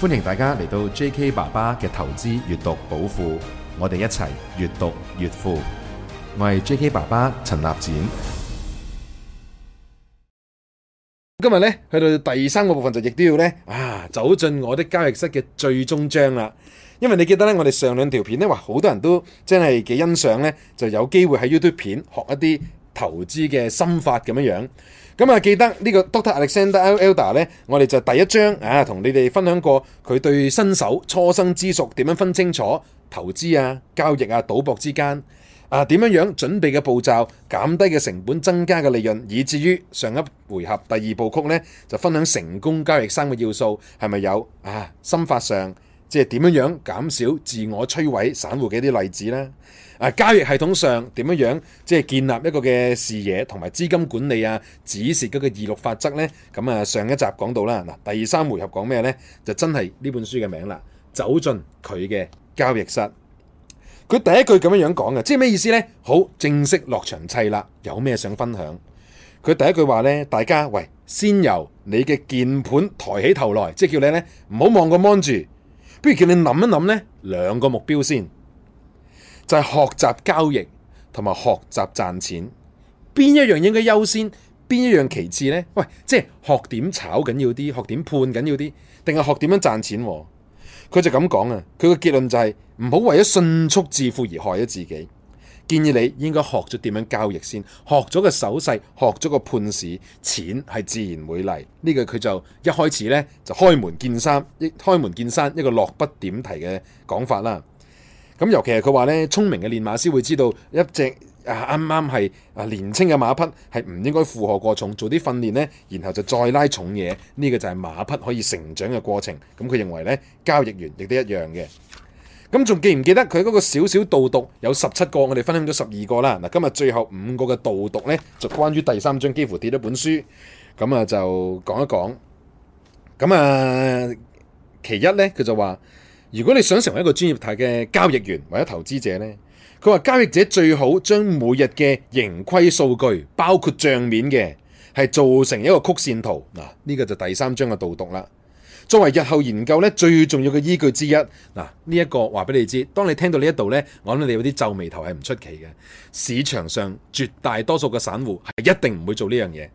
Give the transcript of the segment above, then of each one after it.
歡迎大家嚟到 J.K. 爸爸嘅投資閱讀寶庫，我哋一齊閱讀越富。我係 J.K. 爸爸陳立展。今日咧去到第三個部分就亦都要咧啊，走進我的交易室嘅最終章啦。因為你記得咧，我哋上兩條片咧話好多人都真係幾欣賞咧，就有機會喺 YouTube 片學一啲投資嘅心法咁樣樣。咁啊，記得呢個 Doctor Alexander Elder 咧，我哋就第一章啊，同你哋分享過佢對新手初生之犢點樣分清楚投資啊、交易啊、賭博之間啊，點樣樣準備嘅步驟、減低嘅成本、增加嘅利潤，以至於上一回合第二部曲咧，就分享成功交易三個要素係咪有啊？心法上。即係點樣樣減少自我摧毀散戶嘅一啲例子啦！啊，交易系統上點樣樣即係建立一個嘅視野同埋資金管理啊，止蝕嗰個二六法則呢。咁啊，上一集講到啦，嗱，第三回合講咩呢？就真係呢本書嘅名啦。走進佢嘅交易室，佢第一句咁樣樣講嘅，即係咩意思呢？好，正式落場砌啦，有咩想分享？佢第一句話呢：「大家喂，先由你嘅鍵盤抬起頭來，即係叫你呢，唔好望個 mon 住。不如叫你諗一諗咧，兩個目標先，就係、是、學習交易同埋學習賺錢，邊一樣應該優先，邊一樣其次咧？喂，即係學點炒緊要啲，學點判緊要啲，定係學點樣賺錢？佢就咁講啊！佢嘅結論就係唔好為咗迅速致富而害咗自己。建議你應該學咗點樣交易先，學咗個手勢，學咗個判市，錢係自然會嚟。呢個佢就一開始呢，就開門見山，一開門見山一個落筆點題嘅講法啦。咁尤其係佢話呢，聰明嘅練馬師會知道一隻啊啱啱係啊年青嘅馬匹係唔應該負荷過重，做啲訓練呢，然後就再拉重嘢。呢個就係馬匹可以成長嘅過程。咁佢認為呢，交易員亦都一樣嘅。咁仲記唔記得佢嗰個小小導讀有十七個，我哋分享咗十二個啦。嗱，今日最後五個嘅導讀呢，就關於第三章幾乎跌咗本書，咁啊就講一講。咁啊，其一呢，佢就話，如果你想成為一個專業嘅交易員或者投資者呢，佢話交易者最好將每日嘅盈虧數據包括賬面嘅係做成一個曲線圖嗱，呢個就第三章嘅導讀啦。作為日後研究咧最重要嘅依據之一，嗱，呢一個話俾你知，當你聽到呢一度咧，我諗你有啲皺眉頭係唔出奇嘅。市場上絕大多數嘅散戶係一定唔會做呢樣嘢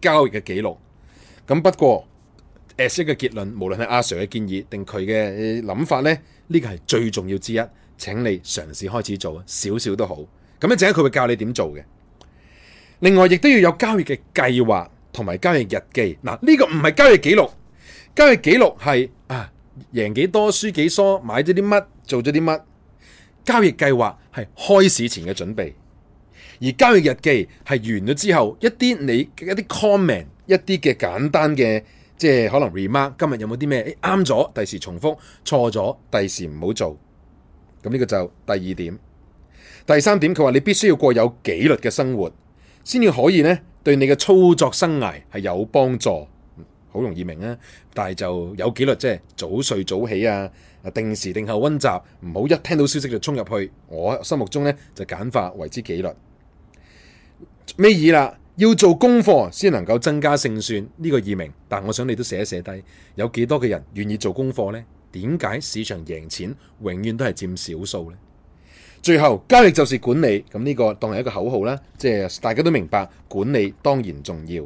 交易嘅記錄。咁不過 s i 嘅結論，無論係阿 Sir 嘅建議定佢嘅諗法咧，呢、呢個係最重要之一，請你嘗試開始做，少少都好。咁一陣間佢會教你點做嘅。另外，亦都要有交易嘅計劃同埋交易日記。嗱，呢個唔係交易記錄。交易記錄係啊贏幾多輸幾多、買咗啲乜做咗啲乜？交易計劃係開市前嘅準備，而交易日記係完咗之後一啲你一啲 comment 一啲嘅簡單嘅即係可能 remark 今日有冇啲咩啱咗，第時重複錯咗，第時唔好做咁呢、這個就第二點。第三點，佢話你必須要過有紀律嘅生活先至可以呢，對你嘅操作生涯係有幫助。好容易明啊！但係就有紀律，即係早睡早起啊，定時定候溫習，唔好一聽到消息就衝入去。我心目中咧就簡化為之紀律。尾二啦，要做功課先能夠增加勝算，呢、這個易明。但我想你都寫一寫低，有幾多嘅人願意做功課呢？點解市場贏錢永遠都係佔少數呢？最後，交易就是管理，咁呢個當係一個口號啦。即係大家都明白，管理當然重要。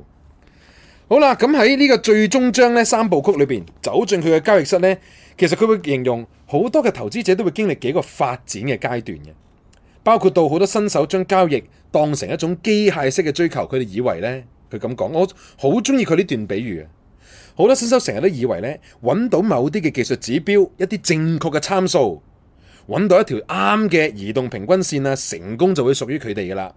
好啦，咁喺呢個最終章呢三部曲裏邊，走進佢嘅交易室呢，其實佢會形容好多嘅投資者都會經歷幾個發展嘅階段嘅，包括到好多新手將交易當成一種機械式嘅追求，佢哋以為呢，佢咁講，我好中意佢呢段比喻啊，好多新手成日都以為呢，揾到某啲嘅技術指標，一啲正確嘅參數，揾到一條啱嘅移動平均線啊，成功就會屬於佢哋噶啦，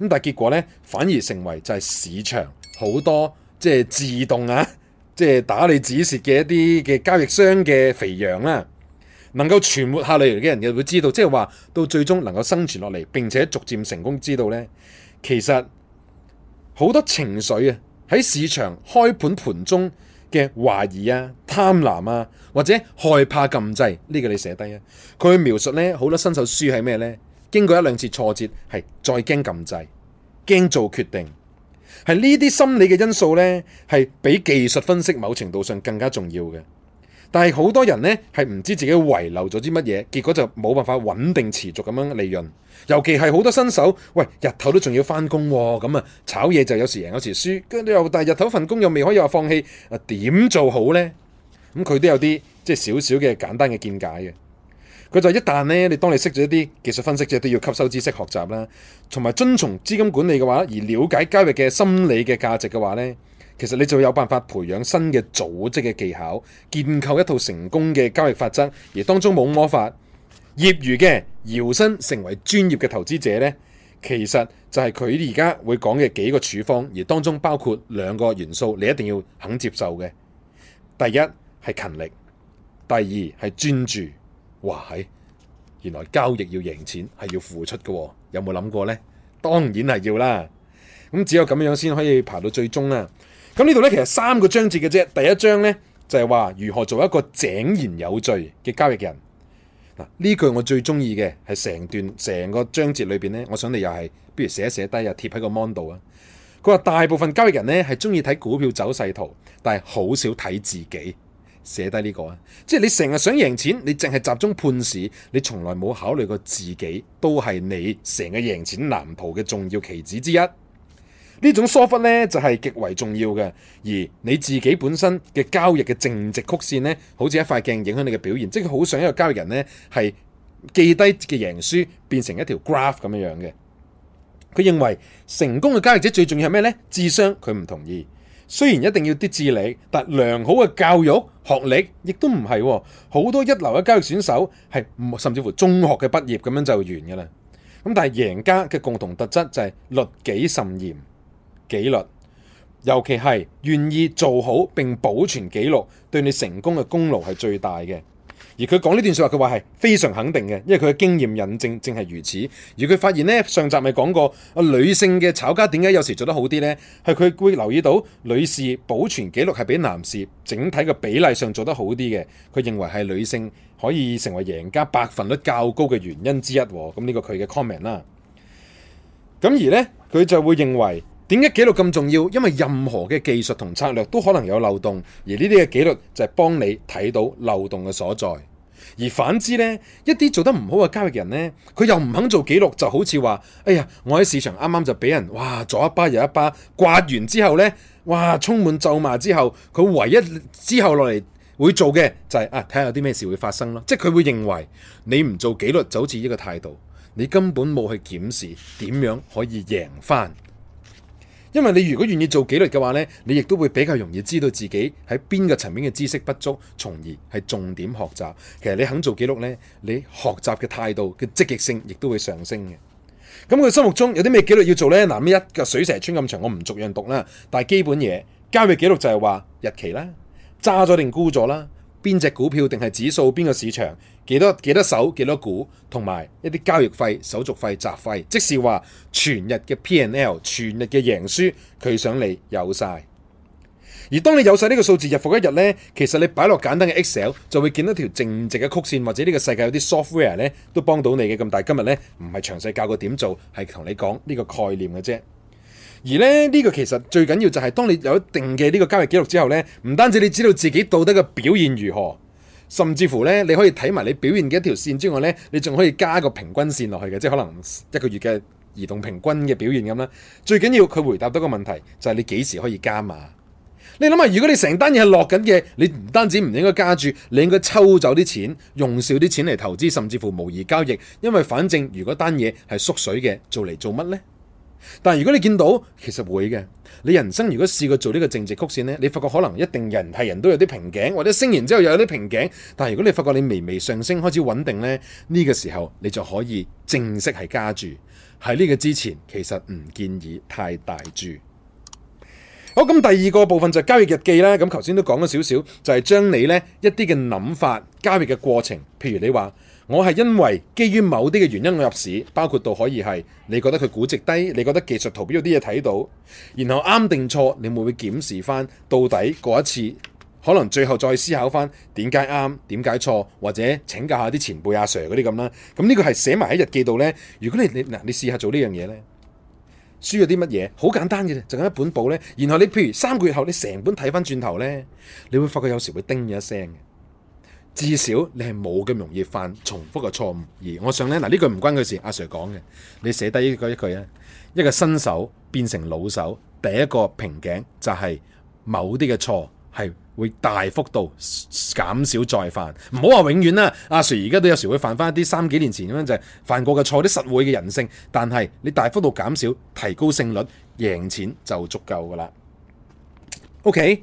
咁但結果呢，反而成為就係市場好多。即係自動啊！即係打你指示嘅一啲嘅交易商嘅肥羊啦，啊，能夠存活下嚟嘅人就會知道，即係話到最終能夠生存落嚟並且逐漸成功，知道呢，其實好多情緒啊，喺市場開盤盤中嘅懷疑啊、貪婪啊，或者害怕禁制呢、這個你寫低啊，佢描述呢，好多新手輸係咩呢？經過一兩次挫折係再驚禁制，驚做決定。係呢啲心理嘅因素咧，係比技術分析某程度上更加重要嘅。但係好多人咧，係唔知自己遺留咗啲乜嘢，結果就冇辦法穩定持續咁樣利潤。尤其係好多新手，喂日頭都仲要翻工，哦，咁啊炒嘢就有時贏有時輸，跟住又但係日頭份工又未可以話放棄，啊點做好咧？咁佢都有啲即係少少嘅簡單嘅見解嘅。佢就一旦咧，你當你識咗一啲技術分析者都要吸收知識學習啦，同埋遵從資金管理嘅話，而了解交易嘅心理嘅價值嘅話咧，其實你就會有辦法培養新嘅組織嘅技巧，建構一套成功嘅交易法則。而當中冇魔法，業餘嘅搖身成為專業嘅投資者咧，其實就係佢而家會講嘅幾個處方，而當中包括兩個元素，你一定要肯接受嘅。第一係勤力，第二係專注。哇！係，原來交易要贏錢係要付出噶，有冇諗過呢？當然係要啦。咁只有咁樣先可以爬到最終啦。咁呢度呢，其實三個章節嘅啫。第一章呢，就係話如何做一個井然有序嘅交易人。嗱，呢句我最中意嘅係成段成個章節裏邊呢。我想你又係，不如寫一寫低，又貼喺個 mon 度啊。佢話大部分交易人呢，係中意睇股票走勢圖，但係好少睇自己。寫低呢個啊，即係你成日想贏錢，你淨係集中判市，你從來冇考慮過自己都係你成個贏錢藍圖嘅重要棋子之一。這種呢種疏忽咧就係、是、極為重要嘅，而你自己本身嘅交易嘅淨值曲線咧，好似一塊鏡影響你嘅表現，即係佢好想一個交易人咧係記低嘅贏輸變成一條 graph 咁樣樣嘅。佢認為成功嘅交易者最重要係咩咧？智商佢唔同意。雖然一定要啲智力，但良好嘅教育學歷亦都唔係喎，好多一流嘅交易選手係甚至乎中學嘅畢業咁樣就完㗎喇。咁但係贏家嘅共同特質就係律己甚嚴紀律，尤其係願意做好並保存紀錄，對你成功嘅功勞係最大嘅。而佢講呢段説話，佢話係非常肯定嘅，因為佢嘅經驗引證正係如此。而佢發現呢，上集咪講過，女性嘅炒家點解有時做得好啲呢？係佢會留意到女士保存記錄係比男士整體嘅比例上做得好啲嘅。佢認為係女性可以成為贏家百分率較高嘅原因之一。咁呢個佢嘅 comment 啦。咁而呢，佢就會認為點解記錄咁重要？因為任何嘅技術同策略都可能有漏洞，而呢啲嘅記錄就係幫你睇到漏洞嘅所在。而反之呢，一啲做得唔好嘅交易人呢，佢又唔肯做記錄，就好似話，哎呀，我喺市場啱啱就俾人哇左一巴右一巴，刮完之後呢，哇充滿咒罵之後，佢唯一之後落嚟會做嘅就係啊，睇下有啲咩事會發生咯。即係佢會認為你唔做記錄，就好似呢個態度，你根本冇去檢視點樣可以贏返。因為你如果願意做紀律嘅話咧，你亦都會比較容易知道自己喺邊個層面嘅知識不足，從而係重點學習。其實你肯做紀錄咧，你學習嘅態度嘅積極性亦都會上升嘅。咁佢心目中有啲咩紀律要做咧？嗱，咩一個水蛇春咁長，我唔逐樣讀啦。但係基本嘢，交易記錄就係話日期啦，揸咗定沽咗啦，邊隻股票定係指數，邊個市場，幾多幾多手幾多股，同埋一啲交易費、手續費、雜費，即是話全日嘅 P N L、全日嘅贏輸，佢想你有晒。而當你有晒呢個數字日復一日呢，其實你擺落簡單嘅 Excel 就會見到條淨值嘅曲線，或者呢個世界有啲 software 咧都幫到你嘅。咁但係今日呢，唔係詳細教個點做，係同你講呢個概念嘅啫。而咧呢、呢個其實最緊要就係當你有一定嘅呢個交易記錄之後呢，唔單止你知道自己到底嘅表現如何。甚至乎咧，你可以睇埋你表現嘅一條線之外咧，你仲可以加個平均線落去嘅，即係可能一個月嘅移動平均嘅表現咁啦。最緊要佢回答到個問題，就係你幾時可以加碼？你諗下，如果你成單嘢係落緊嘅，你唔單止唔應該加住，你應該抽走啲錢，用少啲錢嚟投資，甚至乎模擬交易，因為反正如果單嘢係縮水嘅，做嚟做乜呢？但如果你見到，其實會嘅。你人生如果試過做呢個淨值曲線呢，你發覺可能一定人係人都有啲瓶頸，或者升完之後又有啲瓶頸。但係如果你發覺你微微上升開始穩定呢，呢個時候你就可以正式係加注。喺呢個之前，其實唔建議太大注。好，咁第二個部分就係交易日記啦。咁頭先都講咗少少，就係將你呢一啲嘅諗法交易嘅過程，譬如你話。我係因為基於某啲嘅原因我入市，包括到可以係你覺得佢估值低，你覺得技術圖表有啲嘢睇到。然後啱定錯，你會唔會檢視翻到底嗰一次？可能最後再思考翻點解啱，點解錯，或者請教下啲前輩阿 Sir 嗰啲咁啦。咁呢個係寫埋喺日記度呢。如果你你嗱你試下做呢樣嘢呢，輸咗啲乜嘢？好簡單嘅，就咁一本簿呢。然後你譬如三個月後你成本睇翻轉頭呢，你會發覺有時會叮咗一聲。至少你係冇咁容易犯重複嘅錯誤，而我想咧嗱呢句唔關佢事，阿 Sir 講嘅，你寫低一個一句啊，一個新手變成老手第一個瓶頸就係某啲嘅錯係會大幅度減少再犯，唔好話永遠啦，阿 Sir 而家都有時會犯翻一啲三幾年前咁樣就係犯過嘅錯，啲實惠嘅人性，但係你大幅度減少，提高勝率，贏錢就足夠噶啦。OK。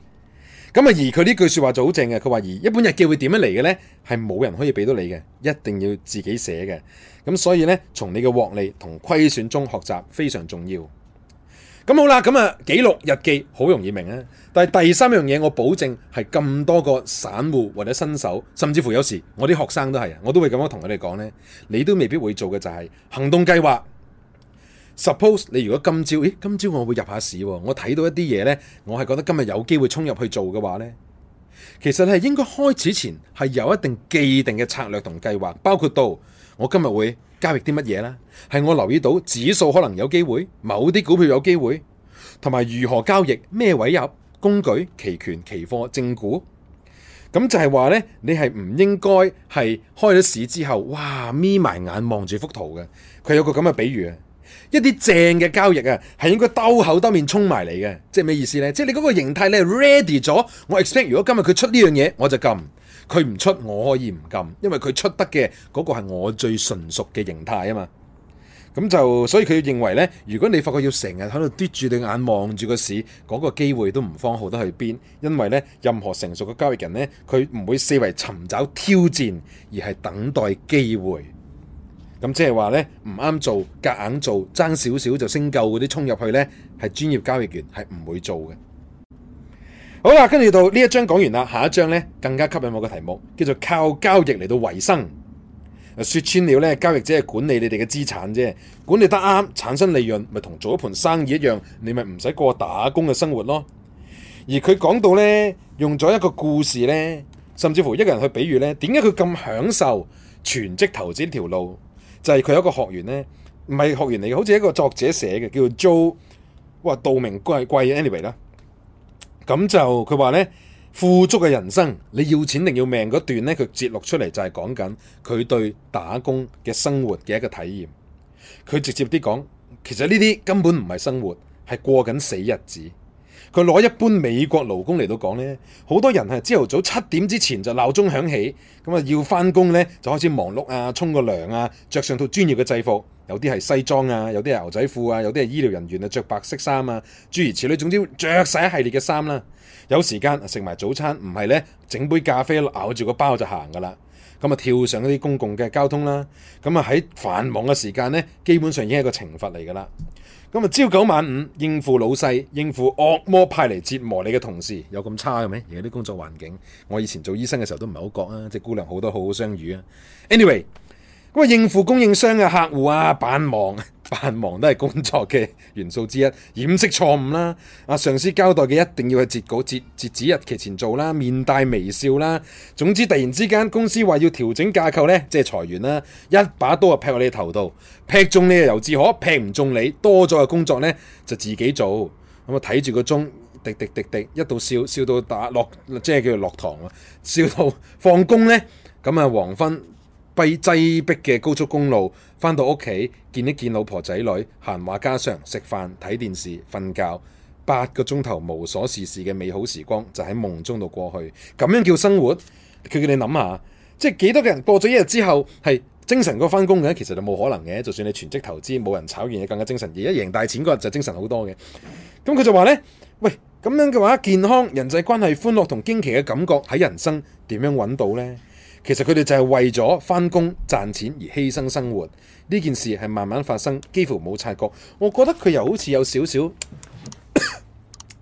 咁啊，而佢呢句說話就好正嘅，佢話而一本日記會點樣嚟嘅呢？係冇人可以俾到你嘅，一定要自己寫嘅。咁所以呢，從你嘅獲利同虧損中學習非常重要。咁好啦，咁、嗯、啊記錄日記好容易明啊，但係第三樣嘢我保證係咁多個散戶或者新手，甚至乎有時我啲學生都係啊，我都會咁樣同佢哋講呢：「你都未必會做嘅就係行動計劃。」Suppose 你如果今朝，咦，今朝我會入下市，我睇到一啲嘢呢，我係覺得今日有機會衝入去做嘅話呢，其實係應該開始前係有一定既定嘅策略同計劃，包括到我今日會交易啲乜嘢啦，係我留意到指數可能有機會，某啲股票有機會，同埋如何交易咩位入工具、期權、期貨、正股，咁就係話呢，你係唔應該係開咗市之後，哇，眯埋眼望住幅圖嘅。佢有個咁嘅比喻。一啲正嘅交易啊，係應該兜口兜面沖埋嚟嘅，即係咩意思呢？即係你嗰個形態你係 ready 咗，我 expect 如果今日佢出呢樣嘢，我就撳；佢唔出，我可以唔撳，因為佢出得嘅嗰個係我最純熟嘅形態啊嘛。咁就所以佢認為呢，如果你發覺要成日喺度嘟住對眼望住個市，嗰個機會都唔方好得去邊，因為呢，任何成熟嘅交易人呢，佢唔會四圍尋找挑戰，而係等待機會。咁即係話呢，唔啱做，夾硬做，爭少少就升夠嗰啲沖入去呢，係專業交易員係唔會做嘅。好啦，跟住到呢一章講完啦，下一章呢，更加吸引我嘅題目，叫做靠交易嚟到維生。說穿了呢，交易只係管理你哋嘅資產啫，管理得啱產生利潤，咪同做一盤生意一樣，你咪唔使過打工嘅生活咯。而佢講到呢，用咗一個故事呢，甚至乎一個人去比喻呢，點解佢咁享受全職投資呢條路？就係、是、佢有一個學員咧，唔係學員嚟嘅，好似一個作者寫嘅，叫做 Joe，哇道明貴貴 anyway 啦，咁就佢話咧，富足嘅人生，你要錢定要命嗰段咧，佢節錄出嚟就係講緊佢對打工嘅生活嘅一個體驗。佢直接啲講，其實呢啲根本唔係生活，係過緊死日子。佢攞一般美國勞工嚟到講咧，好多人係朝頭早七點之前就鬧鐘響起，咁啊要翻工咧就開始忙碌啊，沖個涼啊，着上套專業嘅制服，有啲係西裝啊，有啲係牛仔褲啊，有啲係醫療人員啊着白色衫啊，諸如此類，總之着晒一系列嘅衫啦。有時間食埋早餐，唔係咧整杯咖啡咬住個包就行㗎啦。咁啊跳上啲公共嘅交通啦。咁啊喺繁忙嘅時間咧，基本上已經係個懲罰嚟㗎啦。咁啊，朝九晚五應付老細，應付惡魔派嚟折磨你嘅同事，有咁差嘅咩？而家啲工作環境，我以前做醫生嘅時候都唔係好覺啊，即係姑娘好多好好相遇啊。Anyway，咁啊，應付供應商嘅客戶啊，扮忙。繁忙都係工作嘅元素之一，掩飾錯誤啦。啊，上司交代嘅一定要喺截稿截截止日期前做啦，面帶微笑啦。總之突然之間公司話要調整架構呢，即係裁員啦，一把刀啊劈落你頭度，劈中你嘅由自可，劈唔中你多咗嘅工作呢，就自己做。咁啊睇住個鐘，滴，滴滴滴滴，一到笑笑到打落，即係叫做落堂啦。笑到放工呢，咁啊黃昏。閉擠逼嘅高速公路，翻到屋企見一見老婆仔女，閒話家常，食飯睇電視瞓覺，八個鐘頭無所事事嘅美好時光就喺夢中度過去。咁樣叫生活？佢叫你諗下，即係幾多個人過咗一日之後係精神嗰個翻工嘅？其實就冇可能嘅。就算你全職投資冇人炒完，你更加精神。而一贏大錢嗰日就精神好多嘅。咁佢就話呢：「喂，咁樣嘅話，健康、人際關係、歡樂同驚奇嘅感覺喺人生點樣揾到呢？」其實佢哋就係為咗返工賺錢而犧牲生活，呢件事係慢慢發生，幾乎冇察覺。我覺得佢又好似有少少，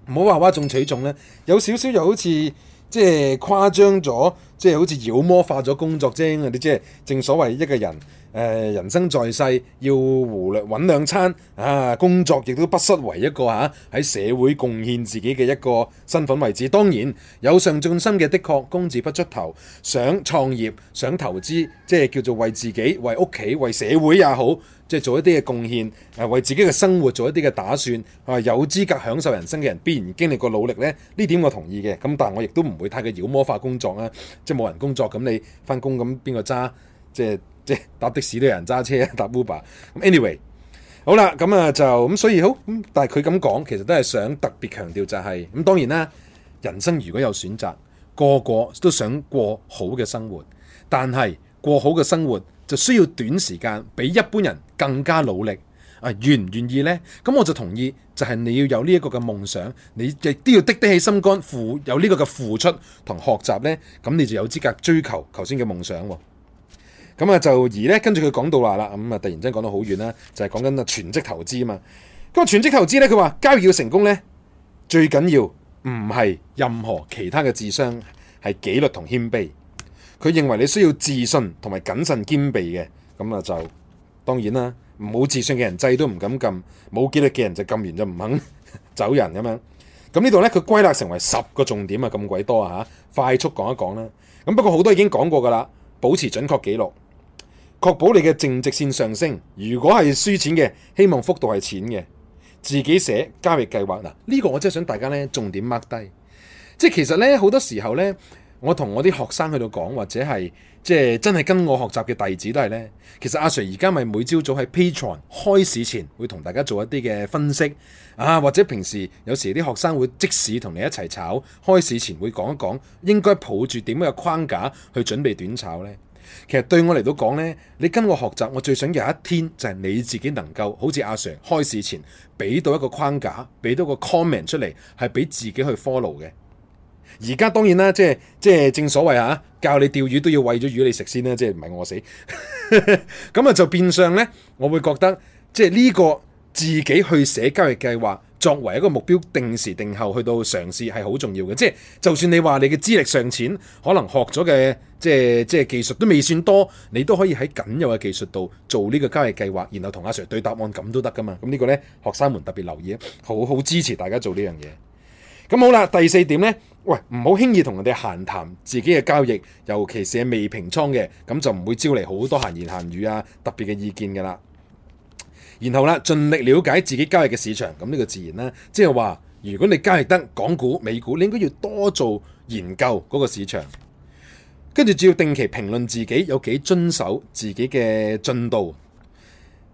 唔好話嘩眾取寵啦，有少少又好似即係誇張咗，即係好似妖魔化咗工作啫。啲即係正所謂一個人。誒人生在世要胡略揾兩餐啊！工作亦都不失為一個嚇喺、啊、社會貢獻自己嘅一個身份位置。當然有上進心嘅，的確工字不出頭，想創業、想投資，即係叫做為自己、為屋企、為社會也好，即係做一啲嘅貢獻，誒、啊、為自己嘅生活做一啲嘅打算啊！有資格享受人生嘅人，必然經歷過努力呢。呢點我同意嘅，咁但係我亦都唔會太過妖魔化工作啊！即係冇人工作咁，你返工咁邊個揸？即係即係搭的士都有人揸車，搭 Uber 咁。Anyway，好啦，咁啊就咁，所以好，但係佢咁講，其實都係想特別強調就係、是、咁。當然啦，人生如果有選擇，個個都想過好嘅生活，但係過好嘅生活就需要短時間比一般人更加努力啊。願唔願意呢？咁我就同意，就係、是、你要有呢一個嘅夢想，你亦都要掟得起心肝，付有呢個嘅付出同學習呢，咁你就有資格追求頭先嘅夢想喎、哦。咁啊就而咧，跟住佢講到話啦，咁、嗯、啊突然之間講到好遠啦，就係講緊啊全職投資嘛。咁全職投資咧，佢話交易要成功咧，最緊要唔係任何其他嘅智商，係紀律同謙卑。佢認為你需要自信同埋謹慎兼備嘅。咁啊就當然啦，冇自信嘅人掣都唔敢撳，冇紀律嘅人就撳完就唔肯走人咁樣。咁呢度咧，佢歸納成為十個重點啊，咁鬼多啊嚇！快速講一講啦。咁不過好多已經講過噶啦，保持準確記錄。確保你嘅淨值線上升。如果係輸錢嘅，希望幅度係淺嘅。自己寫交易計劃嗱，呢、呢個我真係想大家咧重點 mark 低。即係其實咧好多時候咧，我同我啲學生去到講，或者係即係真係跟我學習嘅弟子都係咧。其實阿 Sir 而家咪每朝早喺 Patreon 開市前會同大家做一啲嘅分析啊，或者平時有時啲學生會即使同你一齊炒，開市前會講一講應該抱住點樣嘅框架去準備短炒咧。其實對我嚟到講呢，你跟我學習，我最想有一天就係你自己能夠好似阿 Sir 開市前俾到一個框架，俾到一個 comment 出嚟，係俾自己去 follow 嘅。而家當然啦，即係即係正所謂啊，教你釣魚都要餵咗魚你食先啦，即係唔係餓死。咁 啊就變相呢，我會覺得即係呢個自己去寫交易計劃。作為一個目標，定時定候去到嘗試係好重要嘅。即係就算你話你嘅資歷尚淺，可能學咗嘅即係即係技術都未算多，你都可以喺僅有嘅技術度做呢個交易計劃，然後同阿 Sir 對答案咁都得噶嘛。咁、這個、呢個咧，學生們特別留意，好好支持大家做呢樣嘢。咁好啦，第四點咧，喂，唔好輕易同人哋閒談自己嘅交易，尤其是係未平倉嘅，咁就唔會招嚟好多閒言閒語啊，特別嘅意見噶啦。然後啦，盡力了解自己交易嘅市場，咁呢個自然啦，即係話如果你交易得港股、美股，你應該要多做研究嗰個市場，跟住只要定期評論自己有幾遵守自己嘅進度，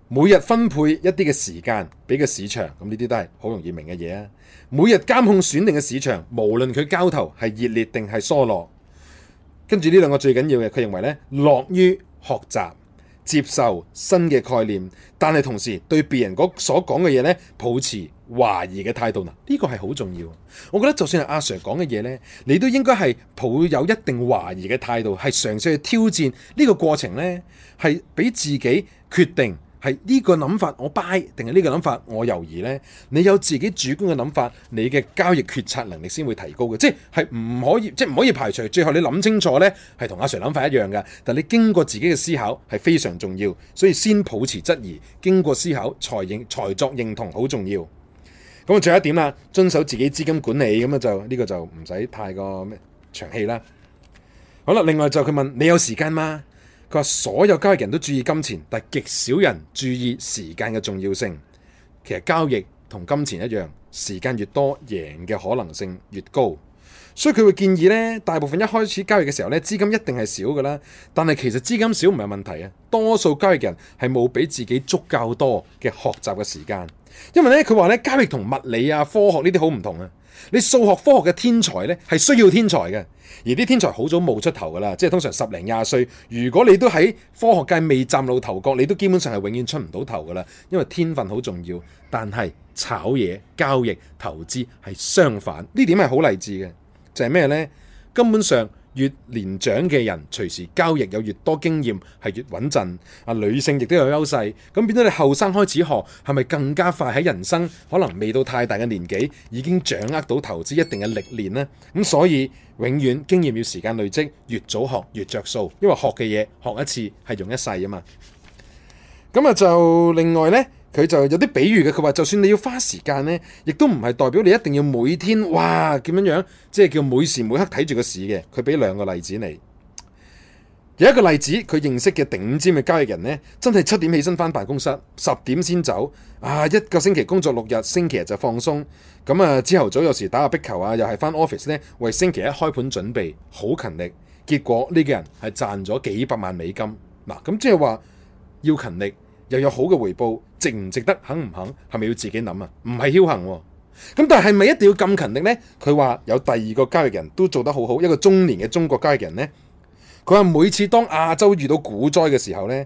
每日分配一啲嘅時間俾個市場，咁呢啲都係好容易明嘅嘢啊！每日監控選定嘅市場，無論佢交投係熱烈定係疏落，跟住呢兩個最緊要嘅，佢認為呢，樂於學習。接受新嘅概念，但係同時對別人所講嘅嘢呢，抱持懷疑嘅態度嗱，呢個係好重要。我覺得就算係阿 Sir 講嘅嘢呢，你都應該係抱有一定懷疑嘅態度，係嘗試去挑戰呢個過程呢，係俾自己決定。係呢個諗法我，我 buy 定係呢個諗法，我猶豫呢？你有自己主觀嘅諗法，你嘅交易決策能力先會提高嘅。即係唔可以，即係唔可以排除最後你諗清楚呢，係同阿 Sir 諗法一樣嘅。但係你經過自己嘅思考係非常重要，所以先保持質疑，經過思考才認才作認同，好重要。咁啊，仲有一點啦，遵守自己資金管理，咁啊就呢個就唔使太過咩長氣啦。好啦，另外就佢問你有時間嗎？佢話：所有交易人都注意金錢，但係極少人注意時間嘅重要性。其實交易同金錢一樣，時間越多，贏嘅可能性越高。所以佢會建議呢，大部分一開始交易嘅時候呢，資金一定係少㗎啦。但係其實資金少唔係問題啊。多數交易人係冇俾自己足夠多嘅學習嘅時間，因為呢，佢話呢，交易同物理啊、科學呢啲好唔同啊。你數學科學嘅天才呢，係需要天才嘅，而啲天才好早冒出頭噶啦，即係通常十零廿歲。如果你都喺科學界未嶄露頭角，你都基本上係永遠出唔到頭噶啦，因為天分好重要。但係炒嘢、交易、投資係相反，呢點係好勵志嘅，就係、是、咩呢？根本上。越年長嘅人，隨時交易有越多經驗，係越穩陣。啊，女性亦都有優勢。咁變咗你後生開始學，係咪更加快喺人生？可能未到太大嘅年紀，已經掌握到投資一定嘅歷練呢？咁所以永遠經驗要時間累積，越早學越着數。因為學嘅嘢學一次係用一世啊嘛。咁啊，就另外呢。佢就有啲比喻嘅，佢話就算你要花時間呢，亦都唔係代表你一定要每天哇，咁樣樣，即係叫每時每刻睇住個市嘅。佢俾兩個例子你，有一個例子，佢認識嘅頂尖嘅交易人呢，真係七點起身翻辦公室，十點先走，啊一個星期工作六日，星期日就放鬆。咁啊朝頭早有時打下壁球啊，又係翻 office 呢，為星期一開盤準備好勤力。結果呢，呢個人係賺咗幾百萬美金嗱，咁，啊、即係話要勤力。又有好嘅回報，值唔值得，肯唔肯，係咪要自己諗啊？唔係僥倖喎、啊，咁但係咪一定要咁勤力呢？佢話有第二個交易人都做得好好，一個中年嘅中國交易人呢。佢話每次當亞洲遇到股災嘅時候呢，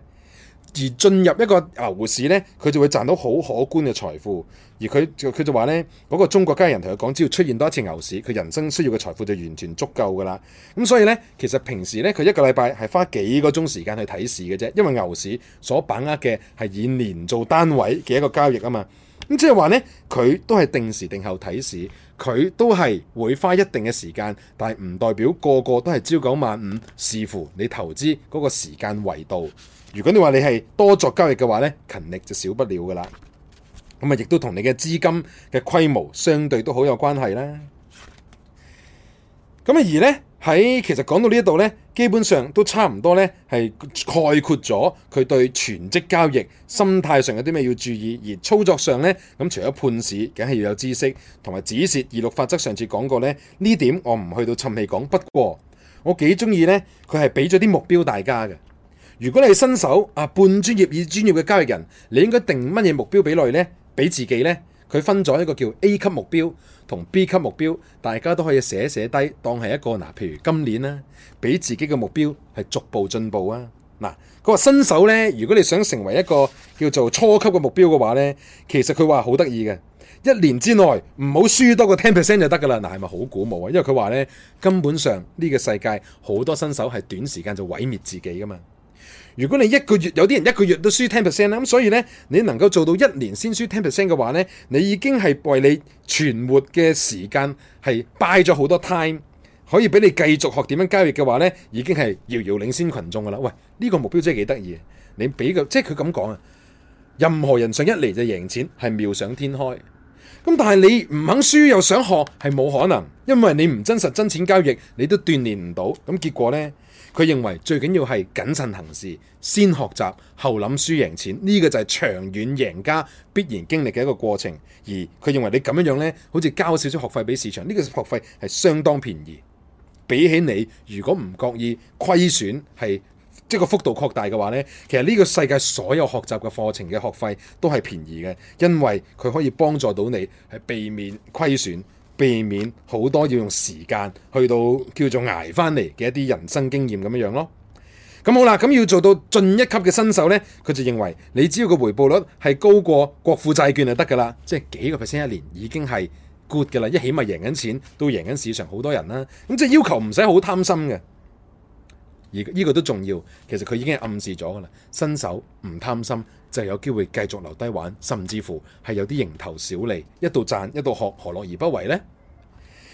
而進入一個牛市咧，佢就會賺到好可觀嘅財富。而佢就佢就話咧，嗰個中國家人同佢講，只要出現多一次牛市，佢人生需要嘅財富就完全足夠噶啦。咁所以咧，其實平時咧，佢一個禮拜係花幾個鐘時間去睇市嘅啫，因為牛市所把握嘅係以年做單位嘅一個交易啊嘛。咁即係話呢，佢都係定時定候睇市，佢都係會花一定嘅時間，但係唔代表個個都係朝九晚五，視乎你投資嗰個時間維度。如果你話你係多作交易嘅話呢，勤力就少不了㗎喇。咁啊，亦都同你嘅資金嘅規模相對都好有關係啦。咁啊，而呢。喺其實講到呢一度呢，基本上都差唔多呢，係概括咗佢對全職交易心態上有啲咩要注意，而操作上呢，咁除咗判市，梗係要有知識，同埋止蝕二六法則。上次講過呢，呢點我唔去到沉氣講。不過我幾中意呢，佢係俾咗啲目標大家嘅。如果你係新手啊，半專業與專業嘅交易人，你應該定乜嘢目標比嚟呢？俾自己呢，佢分咗一個叫 A 級目標。同 B 級目標，大家都可以寫寫低，當係一個嗱，譬如今年啦，啊，俾自己嘅目標係逐步進步啊！嗱，佢話新手咧，如果你想成為一個叫做初級嘅目標嘅話咧，其實佢話好得意嘅，一年之內唔好輸多過 ten percent 就得噶啦，嗱係咪好鼓舞啊？因為佢話咧，根本上呢個世界好多新手係短時間就毀滅自己噶嘛。如果你一個月有啲人一個月都輸10%啦，咁所以咧，你能夠做到一年先輸10%嘅話咧，你已經係為你存活嘅時間係 buy 咗好多 time，可以俾你繼續學點樣交易嘅話咧，已經係遙遙領先群眾噶啦。喂，呢個目標真係幾得意。你俾佢，即係佢咁講啊，任何人想一嚟就贏錢係妙想天開。咁但係你唔肯輸又想學係冇可能，因為你唔真實真錢交易，你都鍛煉唔到。咁結果咧。佢認為最緊要係謹慎行事，先學習後諗輸贏錢，呢個就係長遠贏家必然經歷嘅一個過程。而佢認為你咁樣樣咧，好似交少少學費俾市場，呢個學費係相當便宜。比起你如果唔覺意虧損，係即係個幅度擴大嘅話呢，其實呢個世界所有學習嘅課程嘅學費都係便宜嘅，因為佢可以幫助到你係避免虧損。避免好多要用時間去到叫做捱翻嚟嘅一啲人生經驗咁樣樣咯。咁好啦，咁要做到進一級嘅新手呢，佢就認為你只要個回報率係高過國庫債券就得噶啦，即係幾個 percent 一年已經係 good 噶啦，一起碼贏緊錢都贏緊市場好多人啦。咁即係要求唔使好貪心嘅，而呢個都重要。其實佢已經暗示咗噶啦，新手唔貪心。就有機會繼續留低玩，甚至乎係有啲蠅頭小利，一度賺一度學，何樂而不為呢？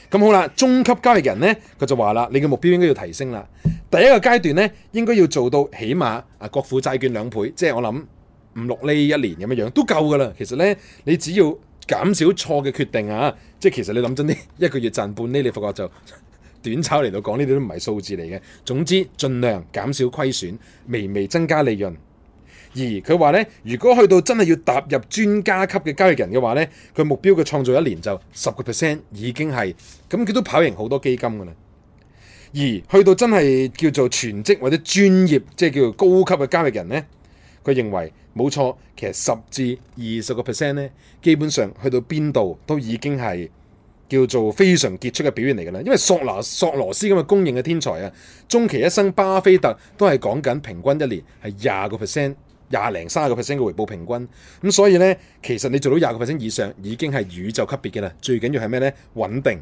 咁好啦，中級交易人呢，佢就話啦：你嘅目標應該要提升啦。第一個階段呢，應該要做到起碼啊國庫債券兩倍，即係我諗五六厘一年咁樣樣都夠噶啦。其實呢，你只要減少錯嘅決定啊，即係其實你諗真啲，一個月賺半厘呢，你發覺就短炒嚟到講呢啲都唔係數字嚟嘅。總之，盡量減少虧損，微微增加利潤。而佢話咧，如果去到真係要踏入專家級嘅交易人嘅話咧，佢目標嘅創造一年就十個 percent 已經係，咁佢都跑贏好多基金噶啦。而去到真係叫做全職或者專業，即係叫做高級嘅交易人咧，佢認為冇錯，其實十至二十個 percent 咧，基本上去到邊度都已經係叫做非常傑出嘅表現嚟噶啦。因為索拿索羅斯咁嘅公認嘅天才啊，終其一生巴菲特都係講緊平均一年係廿個 percent。廿零三十個 percent 嘅回報平均，咁所以呢，其實你做到廿個 percent 以上已經係宇宙級別嘅啦。最緊要係咩呢？穩定。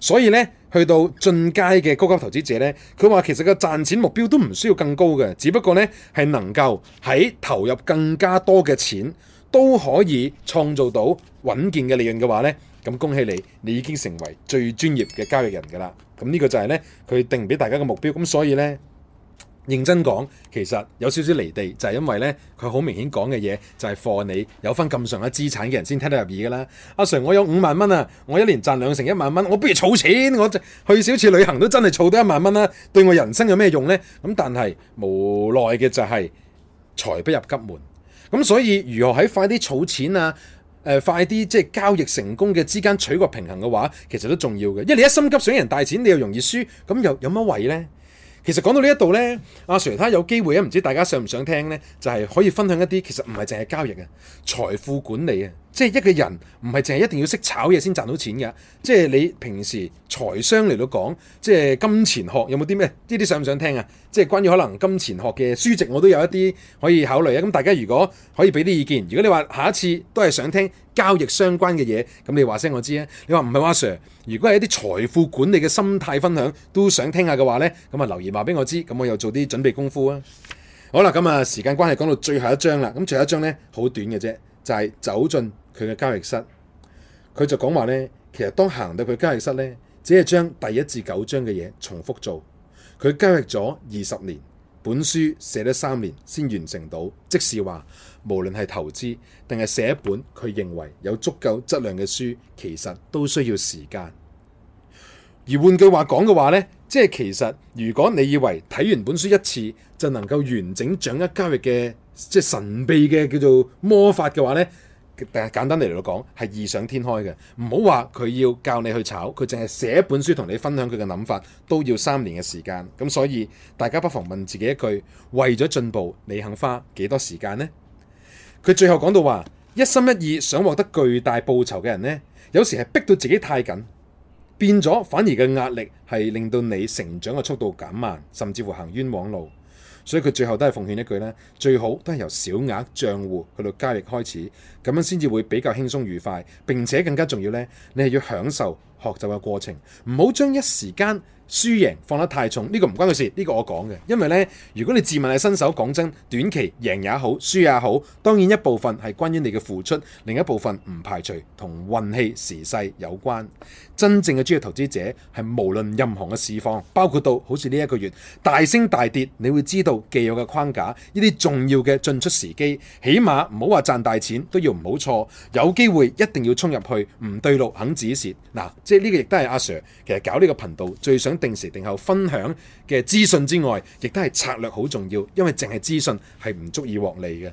所以呢，去到進階嘅高級投資者呢，佢話其實個賺錢目標都唔需要更高嘅，只不過呢係能夠喺投入更加多嘅錢都可以創造到穩健嘅利潤嘅話呢。咁恭喜你，你已經成為最專業嘅交易人噶啦。咁呢個就係呢，佢定俾大家嘅目標。咁所以呢。認真講，其實有少少離地，就係、是、因為呢，佢好明顯講嘅嘢就係貨，你有返咁上下資產嘅人先聽得入耳噶啦。阿、啊、Sir，我有五萬蚊啊，我一年賺兩成一萬蚊，我不如儲錢，我去少次旅行都真係儲到一萬蚊啦。對我人生有咩用呢？咁但係無奈嘅就係財不入急門，咁所以如何喺快啲儲錢啊、呃，快啲即係交易成功嘅之間取個平衡嘅話，其實都重要嘅。因為你一心急想人帶錢，你又容易輸，咁又有乜為呢？其實講到呢一度咧，阿 Sir 睇下有機會咧，唔知大家想唔想聽咧，就係可以分享一啲其實唔係淨係交易啊、財富管理啊。即係一個人唔係淨係一定要識炒嘢先賺到錢嘅，即係你平時財商嚟到講，即係金錢學有冇啲咩？呢啲想唔想聽啊？即係關於可能金錢學嘅書籍，我都有一啲可以考慮啊。咁大家如果可以俾啲意見，如果你話下一次都係想聽交易相關嘅嘢，咁你話聲我知啊。你話唔係話，阿 Sir？如果係一啲財富管理嘅心態分享都想聽下嘅話咧，咁啊留言話俾我知，咁我又做啲準備功夫啊。好啦，咁啊時間關係講到最後一章啦。咁最後一章咧好短嘅啫，就係走進。佢嘅交易室，佢就講話咧，其實當行到佢交易室咧，只係將第一至九章嘅嘢重複做。佢交易咗二十年，本書寫咗三年先完成到。即是話，無論係投資定係寫一本，佢認為有足夠質量嘅書，其實都需要時間。而換句話講嘅話咧，即係其實如果你以為睇完本書一次就能夠完整掌握交易嘅即係神秘嘅叫做魔法嘅話咧。但係簡單嚟嚟講，係異想天開嘅。唔好話佢要教你去炒，佢淨係寫一本書同你分享佢嘅諗法，都要三年嘅時間。咁所以大家不妨問自己一句：為咗進步，你肯花幾多時間呢？佢最後講到話，一心一意想獲得巨大報酬嘅人呢，有時係逼到自己太緊，變咗反而嘅壓力係令到你成長嘅速度減慢，甚至乎行冤枉路。所以佢最後都係奉勸一句咧，最好都係由小額賬戶去到交易開始，咁樣先至會比較輕鬆愉快。並且更加重要咧，你係要享受學習嘅過程，唔好將一時間。輸贏放得太重，呢個唔關佢事，呢個我講嘅，因為呢，如果你自問係新手，講真，短期贏也好，輸也好，當然一部分係關於你嘅付出，另一部分唔排除同運氣、時勢有關。真正嘅專業投資者係無論任何嘅市況，包括到好似呢一個月大升大跌，你會知道既有嘅框架，呢啲重要嘅進出時機，起碼唔好話賺大錢，都要唔好錯，有機會一定要衝入去，唔對路肯止蝕。嗱，即係呢個亦都係阿 Sir，其實搞呢個頻道最想。定時定候分享嘅資訊之外，亦都係策略好重要，因為淨係資訊係唔足以獲利嘅。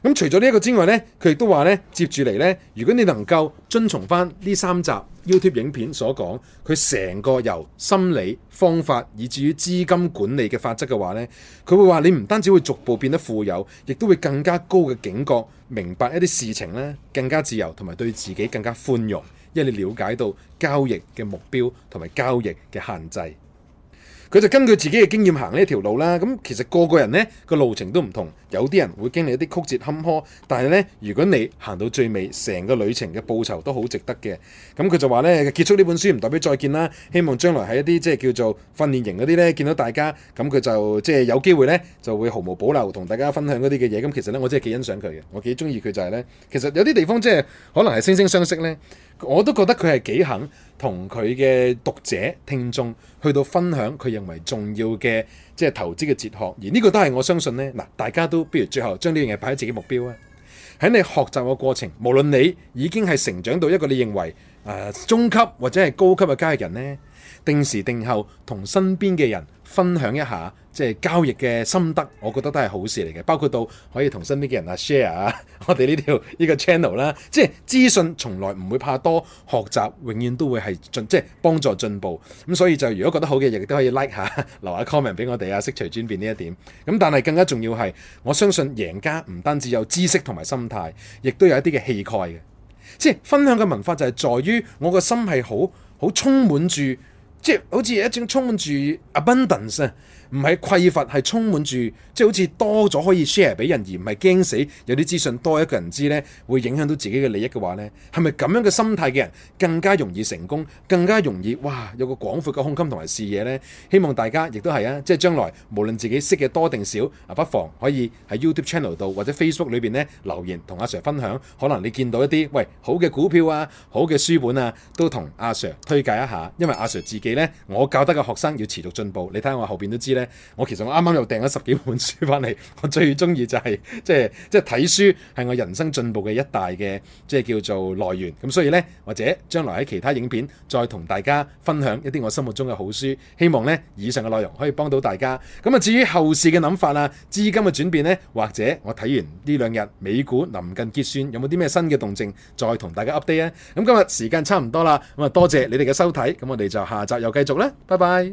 咁除咗呢個之外呢，佢亦都話咧，接住嚟呢，如果你能夠遵從翻呢三集 YouTube 影片所講，佢成個由心理方法，以至於資金管理嘅法則嘅話呢，佢會話你唔單止會逐步變得富有，亦都會更加高嘅警覺，明白一啲事情呢，更加自由，同埋對自己更加寬容。即係你瞭解到交易嘅目標同埋交易嘅限制，佢就根據自己嘅經驗行呢條路啦。咁其實個個人呢個路程都唔同，有啲人會經歷一啲曲折坎坷，但係呢，如果你行到最尾，成個旅程嘅報酬都好值得嘅。咁佢就話呢，結束呢本書唔代表再見啦，希望將來喺一啲即係叫做訓練營嗰啲呢，見到大家，咁佢就即係、就是、有機會呢就會毫無保留同大家分享嗰啲嘅嘢。咁其實呢，我真係幾欣賞佢嘅，我幾中意佢就係呢，其實有啲地方即、就、係、是、可能係惺惺相惜呢。我都覺得佢係幾肯同佢嘅讀者、聽眾去到分享佢認為重要嘅即係投資嘅哲學，而呢個都係我相信呢，嗱，大家都，不如最後將呢樣嘢擺喺自己目標啊。喺你學習嘅過程，無論你已經係成長到一個你認為、呃、中級或者係高級嘅家人呢，定時定候同身邊嘅人。分享一下即係交易嘅心得，我覺得都係好事嚟嘅。包括到可以同身邊嘅人啊 share 啊，我哋呢條呢個 channel 啦，即係資訊從來唔會怕多，學習永遠都會係進即係幫助進步。咁所以就如果覺得好嘅，亦都可以 like 下，留下 comment 俾我哋啊，識隨轉變呢一點。咁但係更加重要係，我相信贏家唔單止有知識同埋心態，亦都有一啲嘅氣概嘅。即係分享嘅文化就係在於我個心係好好充滿住。即係好似一種充滿住 abundance 啊！唔係匱乏，係充滿住，即係好似多咗可以 share 俾人，而唔係驚死有啲資訊多一個人知咧，會影響到自己嘅利益嘅話咧，係咪咁樣嘅心態嘅人更加容易成功，更加容易哇有個廣闊嘅胸襟同埋視野咧？希望大家亦都係啊，即係將來無論自己識嘅多定少啊，不妨可以喺 YouTube channel 度或者 Facebook 裏邊咧留言同阿 Sir 分享，可能你見到一啲喂好嘅股票啊、好嘅書本啊，都同阿 Sir 推介一下，因為阿 Sir 自己咧，我教得嘅學生要持續進步，你睇我後邊都知啦。我其實我啱啱又訂咗十幾本書翻嚟，我最中意就係即係即係睇書，係我人生進步嘅一大嘅即係叫做來源。咁所以呢，或者將來喺其他影片再同大家分享一啲我心目中嘅好書。希望呢以上嘅內容可以幫到大家。咁啊，至於後市嘅諗法啦，資金嘅轉變呢，或者我睇完呢兩日美股臨近結算，有冇啲咩新嘅動靜，再同大家 update 啊。咁今日時間差唔多啦，咁啊多謝你哋嘅收睇，咁我哋就下集又繼續啦，拜拜。